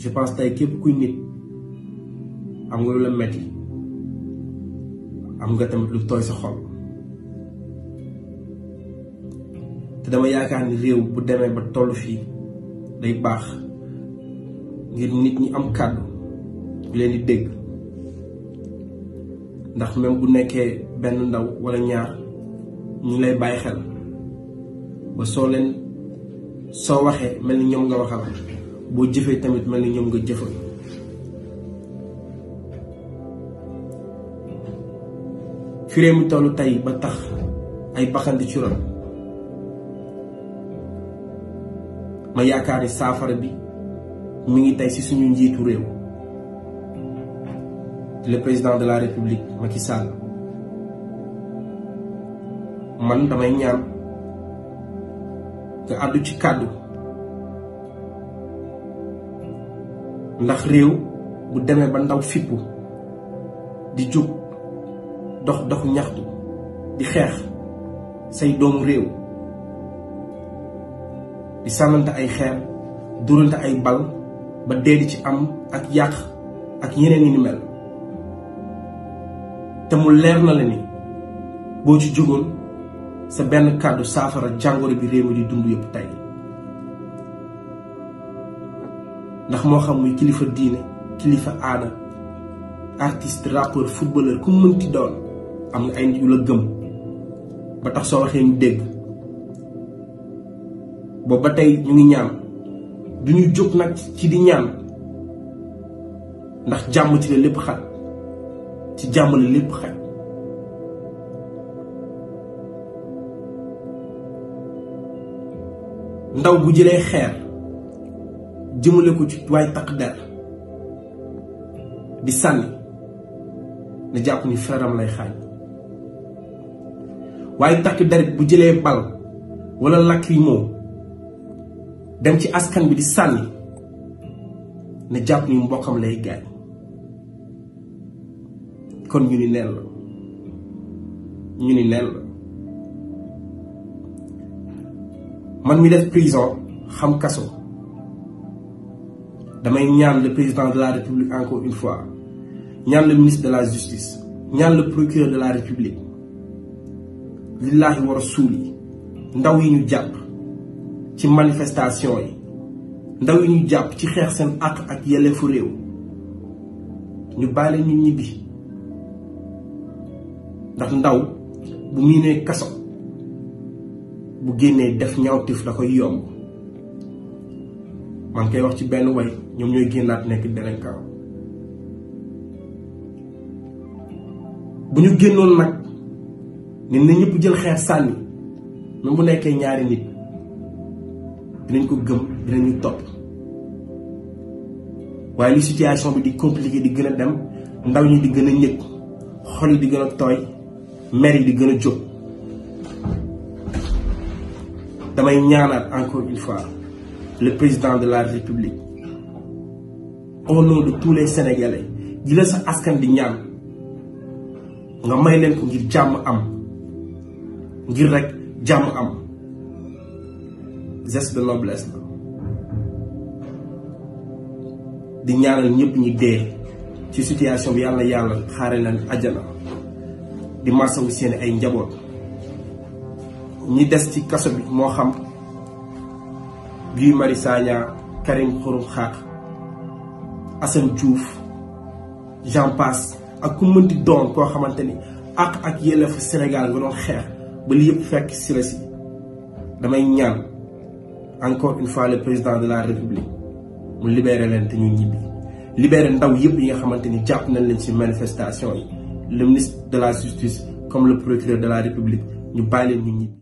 je pense tey képp kuy nit am nga lu la metti am nga tamit lu tooy sa xol te dama yaakaar ni réew bu demee ba toll fii day baax ngir nit ñi am kàddu bu leen di dégg ndax même bu nekkee benn ndaw walla ñaar ñu lay bàyyi xel ba soo leen soo waxee mel ni ñoom nga waxal boo jëfee tamit mel ni ñoom nga jëfal fi réew tollu tey ba tax ay bakkan di ma yaakaar saafara bi mu ngi tey ci suñu njiitu réew le président de la république Macky Sall man damay ñaan nga àddu ci kàddu ndax réew bu demee ba ndaw fippu di jug dox doxu ñaxtu di xeex say doomu réew di sàmmante ay xeer durante ay bal ba dee ci am ak yàq ak yeneen yi ni mel te mu leer na la ni boo ci jógoon sa benn kàddu saafara jàngoro bi réew mi di dund yëpp tey ndax moo xam muy kilifa diine kilifa aada artiste rappeur footballeur ku mu mënti doon am na ay nit yu la gëm ba tax soo waxee ñu dégg boobu ba tey ñu ngi ñaan du ñu jóg nag ci di ñaan ndax jàmm ci la lépp xat ci jàmm la lépp xat ndaw bu jëlee xeer. jëmale ko ci waaye takk der di sànni na jàpp ni feram lay xaañ waaye takk der bu jëlee bal yi moom dem ci askan bi di sànni na jàpp ni mbokkam lay gaañ kon ñu ni neen la ñu ni neen man mi def prison xam kaso damay ñaan le président de la république encore une fois ñaan le ministre de la justice ñaan le procureur de la république lillaahi wa rasuul ndaw yi ñu japp ci manifestation yi ndaw yi ñu japp ci xeex seen àq ak fu réew ñu bàyyi leen ñu ñibbi ndax ndaw bu miinee kaso bu génnee def ñaawtif da koy yomb maa ngi koy wax ci benn way ñoom ñooy génnaat nekk délinquant bu ñu génnoon nag ne na ñëpp jël xeer sànni même bu nekkee ñaari nit dinañ ko gëm dinañu topp waaye li situation bi di compliqué di gën a dem ndaw ñi di gën a ñëkk xol yi di gën a tooy mer yi di gën a jóg damay ñaanaat encore une fois le président de la république au nom de tous les sénégalais di la sa askan di ñaan nga may leen ko ngir jàmm am ngir rek geste de noblesse di homme. ci situation bi di Guy Marius Sagna Karim Xurum Xaq Assane Diouf j'en passe ak Don mënti doon ak ak yelef Sénégal nga doon xeex ba li yëpp fekk si encore une fois le président de la république mu libéré leen te ñu ñibbi libéré ndaw yëpp yi nga xamante nañ manifestation le ministre de la justice comme le procureur de la république ñu bàyyi leen